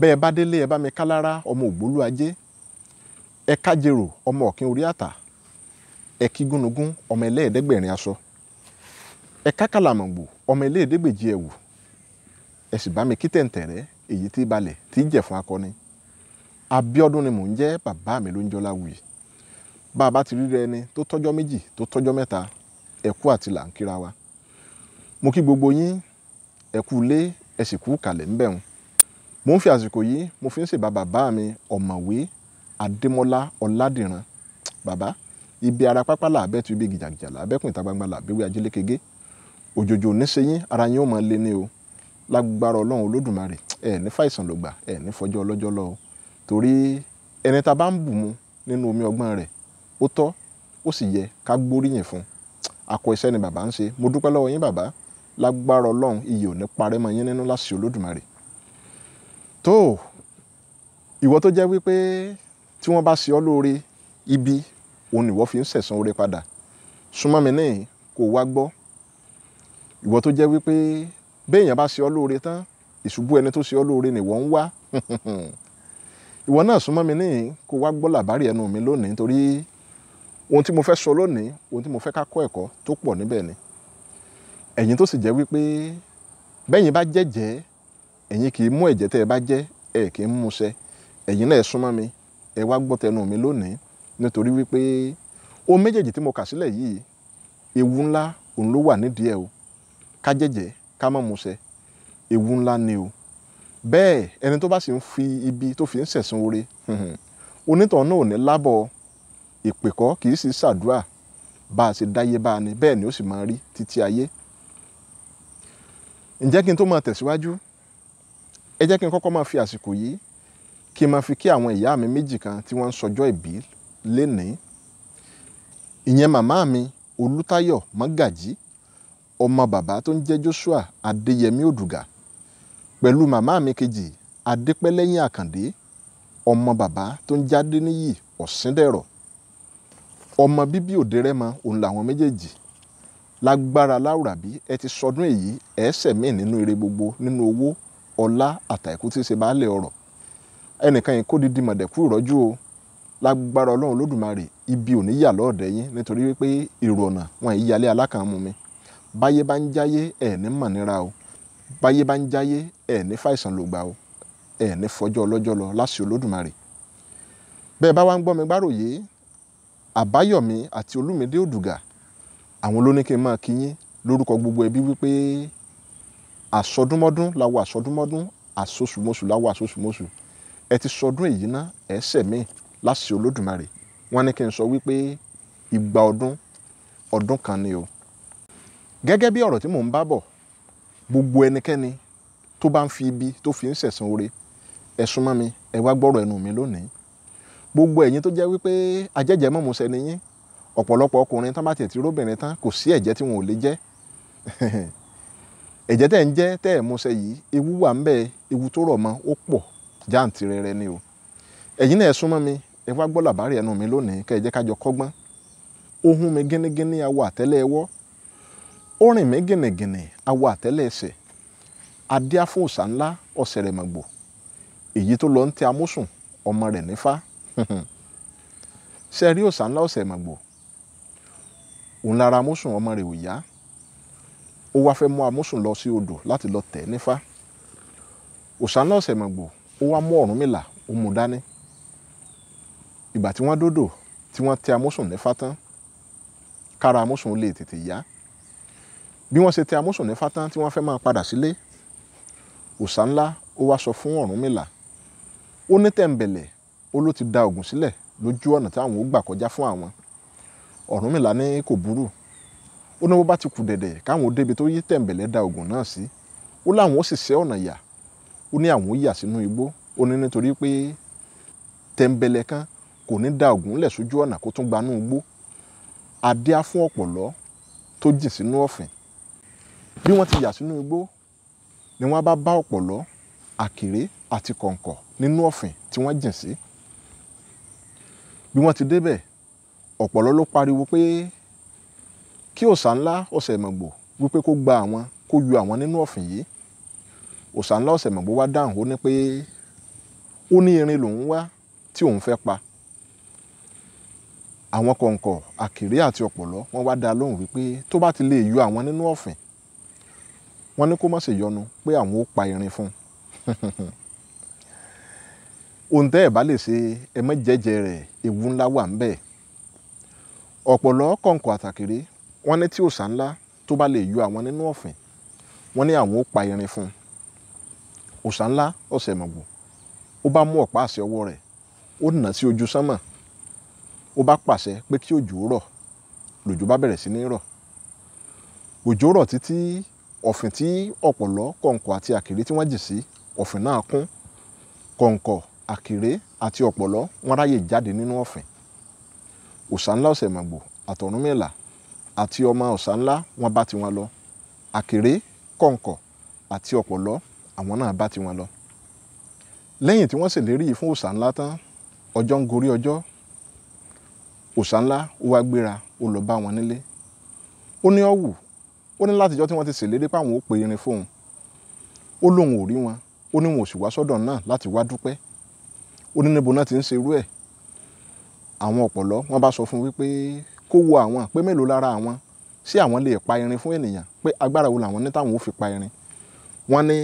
bẹ́ẹ̀ bá délé ẹ bá mi kálára ọmọ ògbólú ajé ẹ kájèrò ọmọ ọ̀kín orí àtà ẹ kí gúnugún ọmọ ẹlẹ́ẹ̀ẹ́dẹ́gbẹ̀rin aṣọ ẹ ká kàlàmọ̀gbò ọmọ ẹlẹ́ẹ̀ẹ́dẹ́gbèjì ẹ̀wù ẹ sì bá mi kí tẹ̀ǹtẹ̀rẹ́ èyí tí balẹ̀ tí jẹ̀ fún akọni ni mò ń jẹ́ bàbá mi ló ń jọlá wuyì ti tó tọ́jọ́ méjì tó tọ́jọ́ mẹ́ta àti wa mo kí gbogbo yín mo ń fi àsìkò yìí mo fi ń ṣèbá bàbá mi ọ̀mọ̀wé adémọ́lá ọládìran bàbá ibi ara pápá làbẹ́ tu ibi gìjàgìjà làbẹ́kùn ìta gbangba làbẹ́wé ajílékege òjòjò oníṣeyín ara yín ó máa lé ní o lágbára ọlọ́run olódùmarè ẹ ní fàìsàn ló gbà ẹ ní fọjọ́ ọlọ́jọ́ lọ o torí ẹni tá a bá ń bù mu nínú omi ọgbọ́n rẹ̀ ó tọ́ ó sì yẹ ká gbóríyìn fún akọ iṣẹ́ ni bàbá ń ṣe mo dúpẹ́ lọ́wọ́ yín bàbá lágbára ọlọ́run iyì ò ní parẹ́ mọ́ yín nínú láṣìí olódùmarè tó ìwọ tó jẹ́ wípé tí wọ́n bá ṣe ọ́ lóore ibi òun nìwọ fi ń sẹ̀san oore padà súnmọ́ mi náà kò wá gbọ́ ìwọ tó jẹ́ wípé béèyàn bá ṣe ọ́ lóore tán ìṣubú ẹni tó ṣe ọ́ lóore nìwọ ń wá ìwọ náà súnmọ́ mi náà kò wá gbọ́ làbárí ẹnu mi lónìí nítorí ohun tí mo fẹ́ sọ lónìí ohun tí mo fẹ́ ká kọ́ ẹ̀kọ́ tó pọ̀ níbẹ̀ ni ẹ̀yin tó sì jẹ́ wípé bẹ́yìn bá jẹ́jẹ́ ẹ̀yin kì í mú ẹ̀jẹ̀ tẹ́ ẹ bá jẹ́ ẹ kì í mú ṣẹ ẹ̀yin náà ẹ súnmọ́ mi ẹ wá gbọ́ tẹnu mi lónìí nítorí wípé ohun méjèèjì tí mo kà sílẹ̀ yìí ewu ńlá òun ló wà nídìí ẹ o ká jẹ́jẹ́ ká má mú ṣẹ ewu ńlá ni o bẹ́ẹ̀ ẹni tó bá sì ń fi ibi tó fi ń ṣẹ̀sìn oore onítàn náà ò ní lábọ̀ ìpèkọ́ kì í sì ṣàdúrà bá a ṣe dáyé bá a ni bẹ́ẹ̀ ni ó sì máa rí títí ayé ǹjẹ́ kí n tó máa tẹ̀síwájú ẹ jẹ́ kí n kọ́kọ́ máa fi àsìkò yìí kí n máa fi kí àwọn ìyá mi méjì kan tí wọ́n ń sọjọ́ ìbí lénìí ìyẹn màmá mi olútayọ̀ mọ́gàjí ọmọ bàbá tó ń jẹ́ joshua adéyẹmí òdùgà pẹ̀lú màmá mi kejì adépẹ́lẹ́yìn àkàndé ọmọ bàbá tó ń jáde níyì ọ̀sìndẹ̀rọ̀ ọmọ bíbí òde rẹ́mọ òun làwọn méjèèjì lágbára láwùrà bí ẹ ti sọdún èyí ẹ̀ẹ́sẹ̀ míì nínú ire gbogbo nínú owó ọlá àtàìkú tí í ṣe baálé ọrọ̀ ẹnìkan yìí kó didi mọ̀dẹ̀kú ìrọ́jú o lágbára ọlọ́run lódùmarè ibi ò ní yà lọ́ọ̀dẹ̀ yín nítorí wípé èrò ọ̀nà wọn yìí yalé alákàmú mi báyé bá ń jáyé ẹ̀ ní mọ̀ níra o báyé bá ń jáyé ẹ̀ ní fàìsàn lògbà o ẹ̀ ní fọjọ́ ọlọ́jọ́ lọ láṣìí olódùmarè bẹ́ẹ̀ bá wá ń gbọ́ mi gbáròyé àbáyọ̀mí àti olúmídé òdùgà àwọn ló máa kí yín lórúkọ gbogbo ẹbí wípé àsọdúnmọ́dún la wà àsọdúnmọ́dún àsosùmọ́sù la wà àsosùmọ́sù ẹ ti sọdún èyí ná ẹ̀ẹ́sẹ̀ míì láṣẹ olódùmarè wọ́n ní kí n sọ wípé ìgbà ọdún ọdún kan ni o gẹ́gẹ́ bí ọ̀rọ̀ tí mò ń bá bọ̀ gbogbo ẹnikẹ́ni tó bá ń fi ibi tó fi ń ṣẹ̀san oore ẹ súnmọ́ mi ẹ wá gbọ́rọ̀ ẹnu mi lónìí gbogbo ẹ̀yin tó jẹ́ wípé ajẹ́jẹ́ mọ̀mọ́sẹ̀ ni yín ọ̀pọ̀lọpọ̀ ọkùnrin tán bá tiẹ̀ ti róbìnrin tán kò sí ẹ̀jẹ́ tí wọn ò lè jẹ́ ẹ̀jẹ̀ tẹ̀ ń jẹ́ tẹ́ ẹ̀ yìí ewu wà ń bẹ ewu tó rọ̀ mọ́ ó pọ̀ jáǹtirẹrẹ ni o ẹ̀yin náà ẹ súnmọ́ mi ẹ wá gbọ́ làbárì ẹnu mi lónìí kẹ́ ẹ kájọ kọ́gbọ́n ohun mi gínígíní awọ àtẹ́lẹ̀ ẹwọ́ orin rìn mí gìnìgìnì awọ àtẹ́lẹ̀ ẹsẹ̀ adíáfòsà ńlá ọ̀sẹ̀ rẹ̀ èyí tó lọ ń tẹ amúsùn ọmọ rẹ̀ nífá ṣe rí ńlá ọmọ ò ó wá fẹ́ mú amúsùn lọ sí odò láti lọ tẹ̀ nífá òòṣà náà ṣẹ̀mọ̀gbò ó wá mú Ọ̀rúnmìlà ó mú dání ìgbà tí wọ́n dódò tí wọ́n tẹ amúsùn nífá tán kára amúsùn lè tètè yá bí wọ́n ṣe tẹ amúsùn nífá tán tí wọ́n fẹ́ máa padà sílé òòṣà ńlá ó wá sọ fún Ọ̀rúnmìlà ó ní tẹ̀m̀bẹ̀lẹ̀ ó ló ti da ògùn sílẹ̀ lójú ọ̀nà táwọn ó gbà kọjá fún àwọn Ọ̀rúnmìlà ní kò burú ó náwó bá ti kù dẹ̀dẹ̀ káwọn ó débi tó yí tẹ̀m̀bẹ̀lẹ̀ da oògùn náà sí ó láwọn ó sì ṣe ọ̀nà yà ó ní àwọn ó yà sínú igbó ó ní nítorí pé tẹ̀m̀bẹ̀lẹ̀ kan kò ní da oògùn lẹ̀ sójú ọ̀nà kó tún gbanú igbó adé á fún ọ̀pọ̀lọ́ tó jìn sínú ọ̀fìn bí wọ́n ti yà sínú igbó ni wọ́n bá bá ọ̀pọ̀lọ́ àkèré àti kọ̀ǹkọ̀ nínú ọ̀fìn tí wọ́n jìn sí bí wọ́n ti débẹ̀ ọ̀pọ̀lọ́ ló pariwo pé kí òòṣà ńlá ọ̀sẹ̀mọ̀gbò wípé kó gba àwọn kó yọ àwọn nínú ọ̀fìn yìí òòṣà ńlá ọ̀sẹ̀mọ̀gbò wá dáhùn ó ní pé ó ní irin lòún wá tí òun fẹ́ pa àwọn kọ̀ǹkọ̀ àkèré àti ọ̀pọ̀lọ́ wọ́n wá dá lóhùn wípé tó bá ti lè yọ àwọn nínú ọ̀fìn wọ́n ní kó má ṣe yọnu pé àwọn ó pa irin fún un ohun tẹ́ ẹ̀ bá lè ṣe ẹ mọ́ jẹ́jẹ́ rẹ̀ ewu ńlá wà ń bẹ̀ ọ̀pọ̀lọ́ kọ̀ǹkọ̀ àtàkèré wọ́n ní tí òòṣà ńlá tó bá lè yọ àwọn nínú ọ̀fìn wọ́n ní àwọn ó pa irin fún un òòṣà ńlá ọ̀sẹ̀ mọ̀gbò ó bá mú ọ̀pá àṣẹ ọwọ́ rẹ̀ ó nà sí ojú sánmà ó bá pàṣẹ pé kí òjò rọ̀ lòjò bá bẹ̀rẹ̀ sí ní rọ̀ òjò rọ̀ títí ọ̀fìn tí ọ̀pọ̀lọ́ kọ̀ǹkọ̀ àti àkèré tí wọ́n jì sí ọ̀fìn náà kún kọ̀ǹkọ̀ àkèré àti ọ̀pọ̀lọ́ wọ́n ráyè jáde nínú ọ̀fìn òòṣà ńlá ọ̀sẹ̀ mọ̀gbò àtọ̀rúnmìlà àti ọmọ ọ̀sà ńlá wọn bá tiwọn lọ àkèré kọ̀ǹkọ̀ àti ọ̀pọ̀lọ́ àwọn náà bá tiwọn lọ. lẹ́yìn tí wọ́n ṣèlérí yìí fún ọ̀sà ńlá tán ọjọ́ ń gorí ọjọ́ ọ̀sà ńlá ó wá gbéra ó lọ bá wọn nílé ó ní ọ̀wù ó ní látijọ́ tí wọ́n ti ṣèlérí páwọn ó pe irin fóun ó lóun ò rí wọn ó ní wọn ò sì wá sọ́dọ̀ náà láti wá dúpẹ́ ó ní níbo náà ti ń ṣerú ẹ̀ àwọn ọ̀pọ̀lọ́ wọn bá sọ fún wípé kó wo àwọn pé mélòó lára àwọn ṣé àwọn lè pa irin fún ènìyàn pé agbára wo làwọn ní táwọn ò fi pa irin wọ́n ní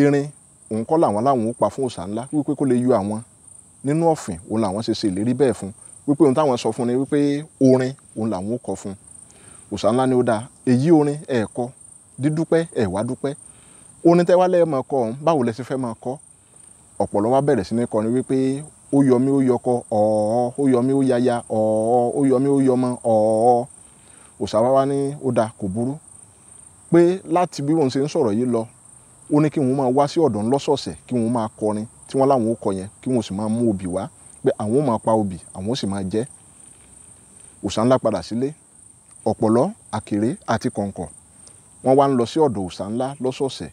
irin òun kọ́ làwọn láwọn ò pa fún òòṣà ńlá wípé kó lè yọ àwọn nínú ọ̀fìn òun làwọn ṣe ṣe ìlérí bẹ́ẹ̀ fún wípé ohun táwọn sọ fún ni wípé orin òun làwọn ò kọ fún òòṣà ńlá ni ó dáa èyí orin ẹ̀ kọ dídúpẹ́ ẹ̀ wá dúpẹ́ orin tẹ́wálẹ́ máa kọ ọ̀hún báwo lẹ ṣe fẹ́ máa kọ ọ̀pọ̀lọ́ bẹ̀rẹ̀ sí ní kọrin wípé ó yọ mí ó yọkọ ọ̀ọ́ ó yọ mí ó yaya ọ̀ọ́ ó yọ mí ó yọmọ ọ̀ọ́ òṣàwá wa ní ó da kò burú pé láti bí wọn ṣe ń sọ̀rọ̀ yìí lọ ó ní kí wọn máa wá sí ọ̀dọ̀ ńlọ́sọ̀ọ̀sẹ̀ kí wọn máa kọrin tí wọ́n láwọn ó kọ yẹn kí wọn sì máa mú obì wá pé àwọn ó máa pa obì àwọn ó sì máa jẹ òṣà ńlá padà sílé ọ̀pọ̀lọ́ àkèré àti kọ̀ǹkọ̀ wọ́n wá ń lọ sí ọ̀dọ̀ òṣà ńlá lọ́sọ̀ọ̀sẹ̀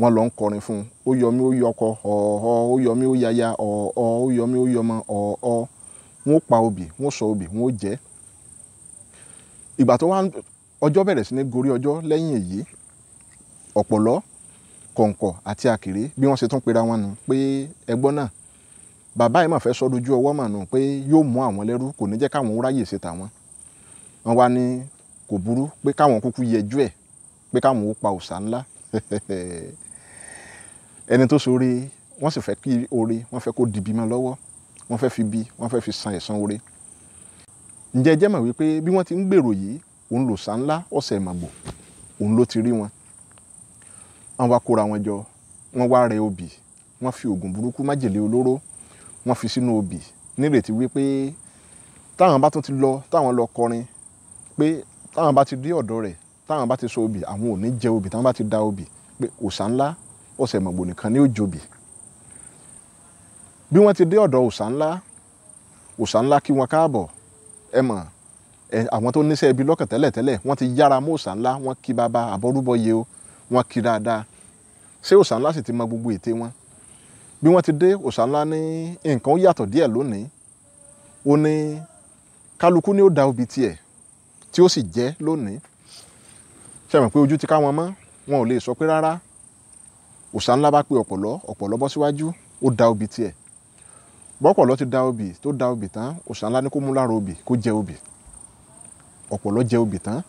wọ́n lọ ń kọrin fún un ó yọmí ó yọkọ ọ̀ọ́ ó yọmí ó yaya ọ̀ọ́ ó yọmí ó yọmọ ọ̀ọ́ wọ́n pa obì wọ́n sọ obì wọ́n jẹ ìgbà tó wá ọjọ́ bẹ̀rẹ̀ sí ní gorí ọjọ́ lẹ́yìn èyí ọ̀pọ̀lọ́ kọ̀ǹkọ̀ àti àkèré bí wọ́n ṣe tún pera wọn nù pé ẹgbọ́n náà bàbá yìí mà fẹ́ sọ dojú ọwọ́ mà nù pé yóò mú àwọn lẹ́rú kò ní jẹ́ káwọn ráyè ṣe tàwọn wọn wá ní kò burú pé káwọn kúkú yẹjú ẹ̀ pé káwọn ó pa òòṣà ńlá ẹni tó ṣoore wọ́n sì fẹ́ kí oore wọ́n fẹ́ kó dìbì mọ́ lọ́wọ́ wọ́n fẹ́ fi bí wọ́n fẹ́ fi san ẹ̀san oore ǹjẹ́ jẹ́ mọ̀ wípé bí wọ́n ti ń gbèrò yìí òun lò sá ńlá ọ̀sẹ̀ màgbò òun ló ti rí wọn wọ́n wá kóra wọn jọ wọ́n wá rẹ obì wọ́n fi oògùn burúkú májèlé olóró wọ́n fi sínú obì nírètí wípé táwọn bá tún ti lọ táwọn lọ kọrin pé táwọn bá ti dé ọ̀dọ̀ rẹ̀ táwọn bá ti so obì àwọn ò ní jẹ obì táwọn bá ti da obì pé òòṣà ńlá ọ̀sẹ̀ mọ̀gbò nìkan ni ó jobì bí wọ́n ti dé ọ̀dọ̀ òòṣà ńlá òòṣà ńlá kí wọn káàbọ̀ ẹ mọ̀ ẹ àwọn tó níṣẹ́ ibi lọ́kàn tẹ́lẹ̀ tẹ́lẹ̀ wọ́n ti yára mọ́ òòṣà ńlá wọ́n kí bàbá àbọ̀rúbọ yẹ o wọ́n kí dáadáa ṣé òòṣà ńlá sì ti mọ gbogbo ète wọn bí wọ́n ti dé òòṣà ńlá ní nǹkan ó yàtọ̀ díẹ̀ lónìí ó ní kálukú ni ó da obì tiẹ̀ tí ó sì jẹ́ lónìí ṣe mọ̀ pé ojú ti ká wọn mọ́ wọn ò lè sọ pé rárá òṣà ńlá bá pe ọ̀pọ̀lọ́ ọ̀pọ̀lọ́ bọ́ síwájú ó da obì tiẹ̀ bọ́pọ̀lọ́ ti da obì tó da obì tán òṣà ńlá ní kó mú lára obì kó jẹ obì ọ̀pọ̀lọ́ jẹ obì tán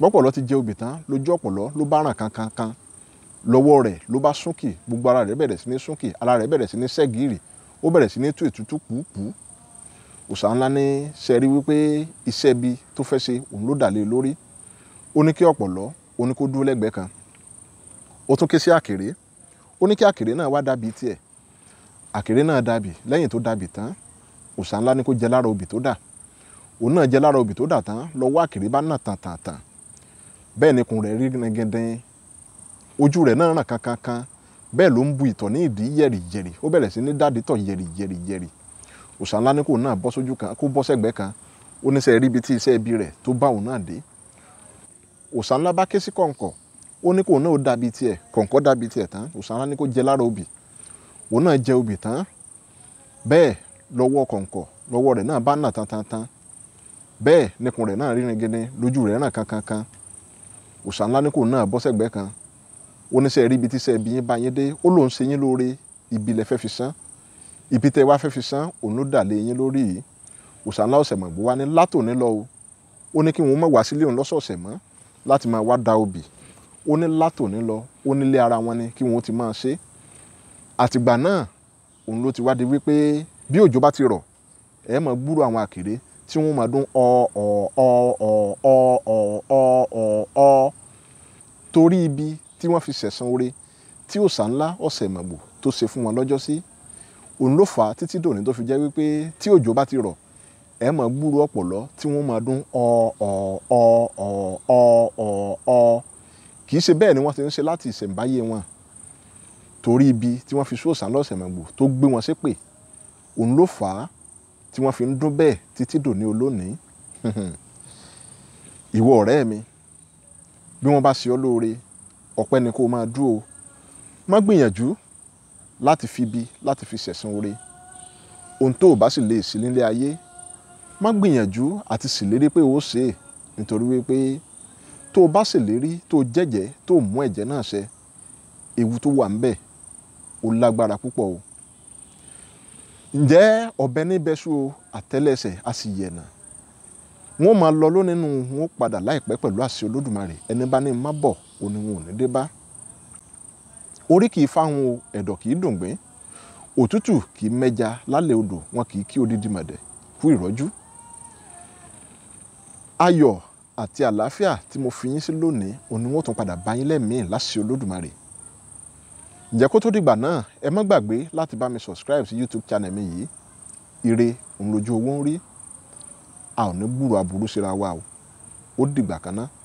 bọ́pọ̀lọ́ ti jẹ obì tán lójú ọ̀pọ̀lọ́ ló bá ràn kankankan lọ́wọ́ rẹ̀ ló bá súnkì gbogbo ara rẹ̀ bẹ̀rẹ̀ sí ní súnkì ara rẹ̀ bẹ̀rẹ̀ sí ní sẹ́gìrì ó bẹ̀rẹ̀ sí ní tú ètútú pùpù òṣà ńlá ní sẹ́rí wípé iṣẹ́ bi tó fẹ́ ṣe òun ló dà lé lórí ó ní kí ọ̀pọ̀lọ́ ó ní kó dúró lẹ́gbẹ̀ẹ́ kan ó tún ké sí àkèré ó ní kí àkèré náà wá dàbí tiẹ̀ àkèré náà dàbí lẹ́yìn tó dàbí tán òòṣà ńlá kó jẹ lára obì tó dà òun náà jẹ lára obì tó dà tán lọ wá àkèré bá nà tàn bẹ́ẹ̀ ni rẹ̀ rí gẹ́gẹ́dẹ́n ojú rẹ̀ náà ràn kankankan bẹ́ẹ̀ ló ń bu ìtọ̀ ní ìdí yẹ̀rìyẹ̀rì ó bẹ̀rẹ̀ sí ní dáàdì tọ̀ ńlá òòṣà ńlá bá ké sí kọ̀ǹkọ̀ ó ní kò náà ó dàbí tiẹ̀ kọ̀ǹkọ̀ dàbí tiẹ̀ tán òòṣà ńlá ní kó jẹ lára obì òun náà jẹ obì tán bẹ́ẹ̀ lọ́wọ́ kọ̀ǹkọ̀ lọ́wọ́ rẹ̀ náà bá nà tán tán tán bẹ́ẹ̀ nìkùn rẹ̀ náà rírin gidi lójú rẹ̀ náà kankankan òòṣà ńlá ní kò náà bọ́ sẹ́gbẹ́ kan oníṣẹ́ rí ibi tí sẹ́ẹ̀bì yín bá yín dé ó lòún ṣe yín lóore ibi lẹ fẹ́ fi san ibi tẹ wá fẹ́ fi san òun ló dà lé yín lórí yìí òòṣà ńlá ọ̀sẹ̀ mọ̀ bó wá ní látòní lọ ó ní kí wọn mọ̀ wá sílé òun lọ́sọ̀ọ̀sẹ̀ mọ́ láti máa wá da obì ó ní látòní lọ ó nílé ara wọn ni kí wọn ó ti máa ṣe àtìgbà náà òun ló ti wá di wípé bí òjò bá ti rọ̀ ẹ máa gbúrò àwọn àkèré tí wọ́n máa dún ọ ọ ọ ọ ọ ọ ọ ọ ọ torí ibi tí wọ́n fi ṣẹ̀san oore tí òòṣà ńlá ọ̀sẹ̀ màgbò tó ṣe fún wọn lọ́jọ́ sí òun ló fà á títí dòní tó fi jẹ́ wípé tí òjò bá ti rọ̀ ẹ máa gbúrú ọ̀pọ̀lọ́ tí wọ́n máa dún ọ ọ ọ ọ ọ ọ ọ kì í ṣe bẹ́ẹ̀ ni wọ́n ti ń ṣe láti ìṣẹ̀ǹbáyé wọn torí ibi tí wọ́n fi sóòsà lọ́sẹ̀ mọ̀gbò tó gbé wọn ṣépè òun ló fà á tí wọ́n fi ń dún bẹ́ẹ̀ títí dòní olónìí ìwọ ọ̀rẹ́ mi bí wọ́n bá ṣe ọ́ lóore ọpẹ́ ni kó o máa dúró má gbìyànjú láti fi bi láti fi ṣẹ̀san oore ohun tó o bá sì lè sí nílé ayé má gbìyànjú àti ṣèlérí pé ó ṣe é nítorí wípé tó o bá ṣèlérí tó o jẹ́jẹ́ tó o mú ẹ̀jẹ́ náà ṣẹ ewu tó wà ńbẹ̀ ó lágbára púpọ̀ o ǹjẹ́ ọ̀bẹ níbẹ̀ ṣú o àtẹ́lẹsẹ̀ a sì yẹ̀nà wọ́n máa lọ lónínú wọn padà láìpẹ́ pẹ̀lú àṣẹ olódùmarè ẹni bá ní má bọ̀ òní wọn ò ní dé bá orí kì í fáwọn o ẹ̀dọ̀ kì í dùngbín òtútù kì í mẹ́ja lálẹ́ odò wọn kì í kí odidi mọ̀dẹ̀ kú ìrọ́jú ayọ̀ àti àlàáfíà tí mo fi yín sí lónìí òun ni wọ́n tún padà bá yín lẹ́mìí láṣẹ olódùmarè ǹjẹ́ kó tó dìgbà náà ẹ má gbàgbé láti bá mi subscribe sí youtube channel mi yìí ire òun lójú owó ń rí a ò ní gbúrò aburú síra wa o ó dìgbà kan náà.